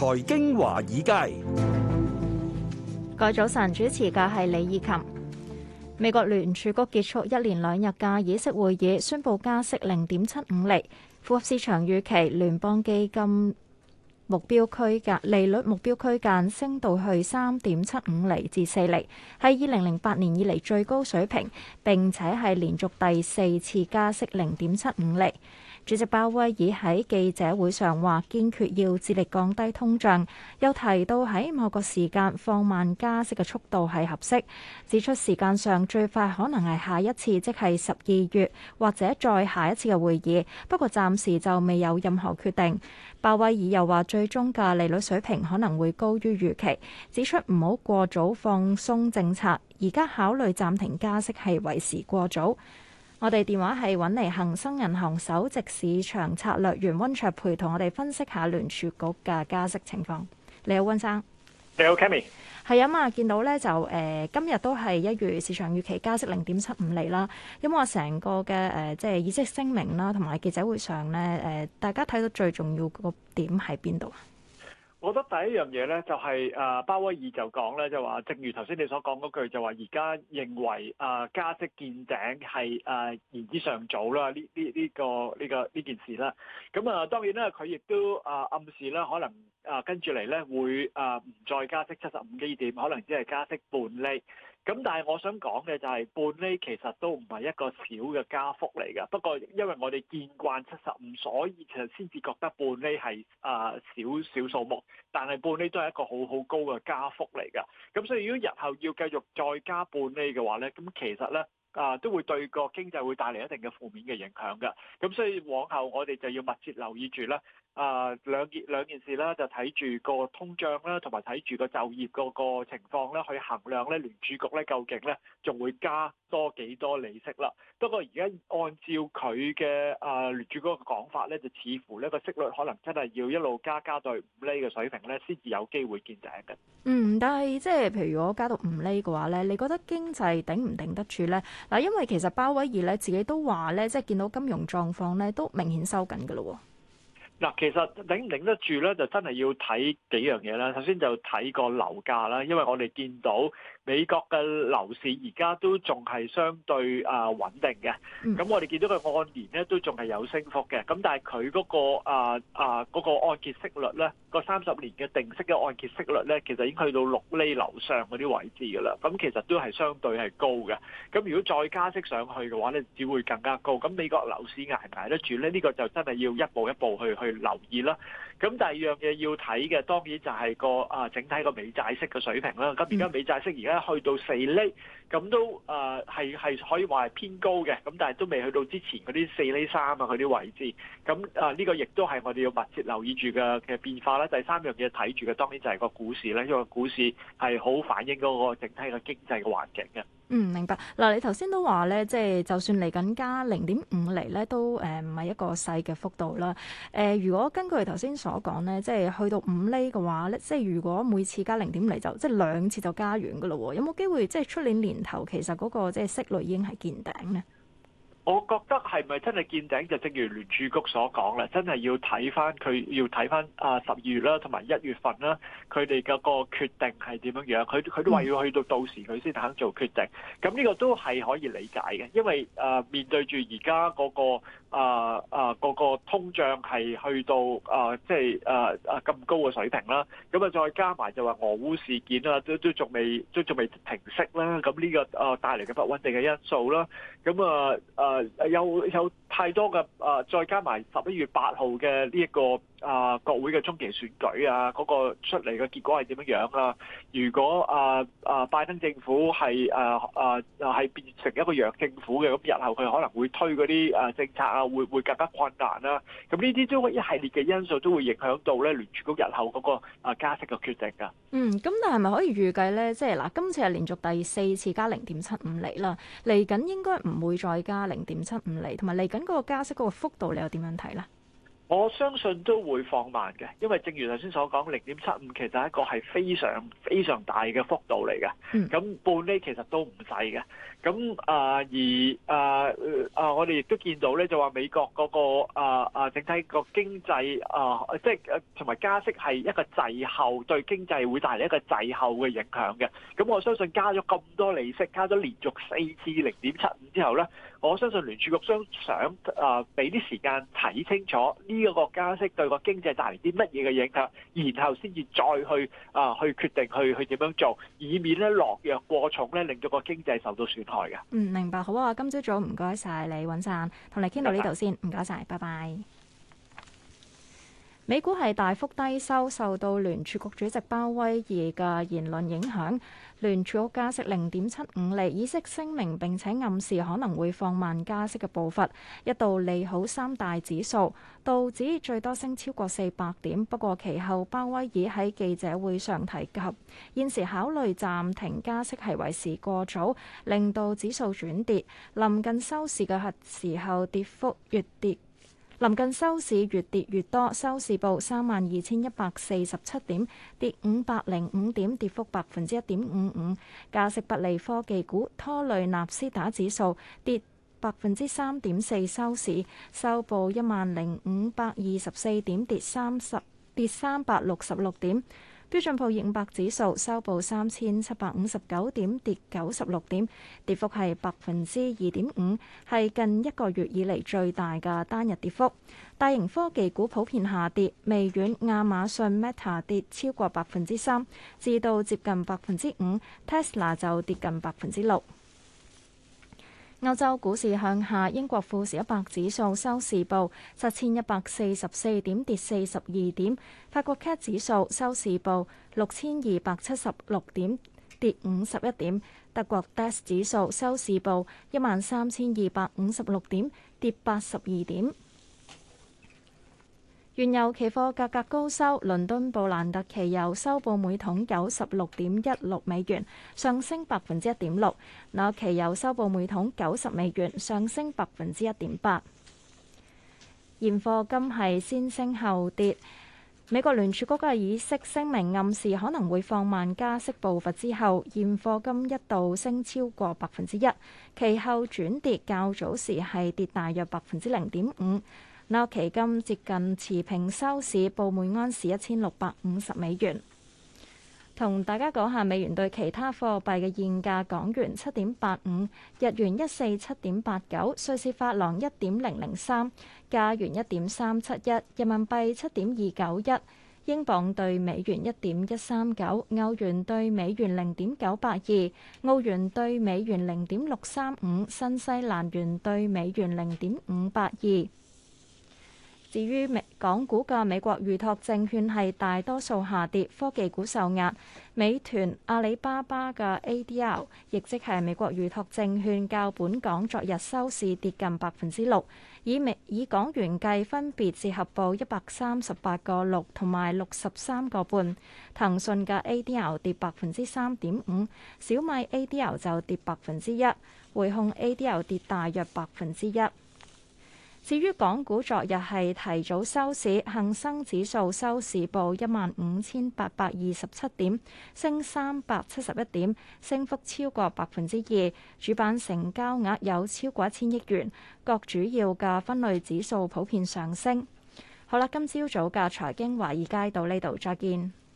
財經華爾街，各位早晨，主持嘅係李義琴。美國聯儲局結束一連兩日嘅議息會議，宣布加息零點七五厘，符合市場預期。聯邦基金目標區間利率目標區間升到去三點七五厘至四厘，係二零零八年以嚟最高水平，並且係連續第四次加息零點七五厘。主席鮑威爾喺記者會上話，堅決要致力降低通脹，又提到喺某個時間放慢加息嘅速度係合適。指出時間上最快可能係下一次，即係十二月或者再下一次嘅會議，不過暫時就未有任何決定。鮑威爾又話，最終嘅利率水平可能會高於預期，指出唔好過早放鬆政策，而家考慮暫停加息係為時過早。我哋電話係揾嚟，恒生銀行首席市場策略員温卓培，同我哋分析下聯儲局嘅加息情況。你好，温生。你好，Kami。係啊啊，見到咧就誒、呃，今日都係一如市場預期加息零點七五厘啦。咁我成個嘅誒，即、呃、係、就是、議息聲明啦，同埋記者會上咧誒、呃，大家睇到最重要個點喺邊度啊？我覺得第一樣嘢咧，就係誒鮑威爾就講咧，就話，正如頭先你所講嗰句，就話而家認為誒加息見頂係誒言之尚早啦，呢呢呢個呢個呢件事啦。咁啊，當然啦，佢亦都誒暗示啦，可能誒跟住嚟咧會誒唔再加息七十五基點，可能只係加息半厘。咁但係我想講嘅就係半厘，其實都唔係一個小嘅加幅嚟㗎。不過因為我哋見慣七十五，所以其實先至覺得半厘係啊少少數目。但係半厘都係一個好好高嘅加幅嚟㗎。咁所以如果日後要繼續再加半厘嘅話咧，咁其實咧啊都會對個經濟會帶嚟一定嘅負面嘅影響㗎。咁所以往後我哋就要密切留意住啦。啊，兩件兩件事啦，就睇住個通脹啦，同埋睇住個就業嗰個情況咧，去衡量咧聯儲局咧究竟咧仲會加多幾多利息啦。不過而家按照佢嘅啊聯儲局嘅講法咧，就似乎呢個息率可能真係要一路加加到五厘嘅水平咧，先至有機會見頂嘅。嗯，但係即係譬如我加到五厘嘅話咧，你覺得經濟頂唔頂得住咧？嗱，因為其實鮑威爾咧自己都話咧，即係見到金融狀況咧都明顯收緊㗎咯。嗱，其實頂唔頂得住咧，就真係要睇幾樣嘢啦。首先就睇個樓價啦，因為我哋見到。美國嘅樓市而家都仲係相對啊穩定嘅，咁、嗯、我哋見到佢按年咧都仲係有升幅嘅，咁但係佢嗰個啊啊嗰個按揭息率咧，個三十年嘅定息嘅按揭息率咧，其實已經去到六厘樓上嗰啲位置㗎啦，咁其實都係相對係高嘅，咁如果再加息上去嘅話咧，只會更加高，咁美國樓市捱唔捱得住咧？呢、呢個就真係要一步一步去去留意啦。咁第二樣嘢要睇嘅當然就係個啊整體個美債息嘅水平啦。咁而家美債息而家。去到四厘，咁都誒係係可以話係偏高嘅，咁但係都未去到之前嗰啲四厘三啊嗰啲位置，咁啊呢個亦都係我哋要密切留意住嘅嘅變化啦。第三樣嘢睇住嘅當然就係個股市啦。因為股市係好反映嗰個整體嘅經濟嘅環境嘅。嗯，明白。嗱，你頭先都話咧，即係就算嚟緊加零點五厘咧，都誒唔係一個細嘅幅度啦。誒、呃，如果根據頭先所講咧，即係去到五厘嘅話咧，即係如果每次加零點五厘就即係兩次就加完㗎咯喎。有冇機會即係出年年頭其實嗰、嗰個即係息率已經係見頂咧？我覺得係咪真係見頂，就正如聯儲局所講啦，真係要睇翻佢，要睇翻啊十二月啦，同埋一月份啦，佢哋嘅個決定係點樣樣？佢，佢都話要去到到時，佢先肯做決定。咁呢個都係可以理解嘅，因為啊面對住而家嗰個。啊啊，個個通脹係去到啊，即係啊啊咁高嘅水平啦。咁啊，再加埋就話俄烏事件啦，都都仲未，都仲未停息啦。咁呢個啊帶嚟嘅不穩定嘅因素啦。咁啊啊，有有太多嘅啊，再加埋十一月八號嘅呢一個，啊，國會嘅中期選舉啊，嗰、嗰個出嚟嘅結果係點樣樣啊？如果啊啊拜登政府係啊啊係變成一個弱政府嘅，咁日後佢可能會推嗰啲啊政策啊，會會更加困難啦、啊。咁呢啲都一系列嘅因素都會影響到咧，聯儲局日後嗰個啊加息嘅決定㗎、啊。嗯，咁但係咪可以預計咧？即係嗱，今次係連續第四次加零點七五厘啦，嚟緊應該唔會再加零點七五厘。同埋嚟緊嗰個加息嗰個幅度你，你又點樣睇咧？我相信都會放慢嘅，因為正如頭先所講，零點七五其實係一個係非常非常大嘅幅度嚟嘅、嗯。咁半厘其實都唔細嘅。咁啊，而啊啊，我哋亦都見到咧，就話美國嗰個啊啊整體個經濟啊，即係啊同埋加息係一個滯後對經濟會帶嚟一個滯後嘅影響嘅。咁我相信加咗咁多利息，加咗連續四次零點七五之後咧。我相信聯儲局將想啊俾啲時間睇清楚呢個加息對個經濟帶嚟啲乜嘢嘅影響，然後先至再去啊去決定去去點樣做，以免咧落藥過重咧令到個經濟受到損害嘅。嗯，明白。好啊，今朝早唔該晒你，尹生同你傾到呢度先，唔該晒，拜拜。美股係大幅低收，受到聯儲局主席鮑威爾嘅言論影響。聯儲局加息零點七五厘，議息聲明並且暗示可能會放慢加息嘅步伐，一度利好三大指數，道指最多升超過四百點。不過其後鮑威爾喺記者會上提及，現時考慮暫停加息係為時過早，令到指數轉跌。臨近收市嘅時候，跌幅越跌。臨近收市，越跌越多。收市報三萬二千一百四十七點，跌五百零五點，跌幅百分之一點五五。加息不利科技股，拖累納斯達指數跌百分之三點四，收市收報一萬零五百二十四點，跌三十跌三百六十六點。標準普爾五百指數收報三千七百五十九點，跌九十六點，跌幅係百分之二點五，係近一個月以嚟最大嘅單日跌幅。大型科技股普遍下跌，微軟、亞馬遜、Meta 跌超過百分之三，至到接近百分之五；Tesla 就跌近百分之六。歐洲股市向下，英國富時一百指數收市報七千一百四十四點，跌四十二點。法國 CAC 指數收市報六千二百七十六點，跌五十一點。德國 DAX 指數收市報一萬三千二百五十六點，跌八十二點。原油期貨價格高收，倫敦布蘭特期油收報每桶九十六點一六美元，上升百分之一點六；那期油收報每桶九十美元，上升百分之一點八。現貨金係先升後跌，美國聯儲局嘅議息聲明暗示可能會放慢加息步伐之後，現貨金一度升超過百分之一，其後轉跌，較早時係跌大約百分之零點五。紐約期金接近持平收市，報每安士一千六百五十美元。同大家講下美元對其他貨幣嘅現價：港元七點八五，日元一四七點八九，瑞士法郎一點零零三，加元一點三七一，人民幣七點二九一，英鎊對美元一點一三九，歐元對美元零點九八二，澳元對美元零點六三五，新西蘭元對美元零點五八二。至於美港股嘅美國預託證券係大多數下跌，科技股受壓。美團、阿里巴巴嘅 ADR 亦即係美國預託證券，較本港昨日收市跌近百分之六，以美以港元計分別折合報一百三十八個六同埋六十三個半。騰訊嘅 ADR 跌百分之三點五，小米 ADR 就跌百分之一，匯控 ADR 跌大約百分之一。至於港股昨日係提早收市，恒生指數收市報一萬五千八百二十七點，升三百七十一點，升幅超過百分之二。主板成交額有超過一千億元，各主要嘅分類指數普遍上升。好啦，今朝早嘅財經華爾街到呢度，再見。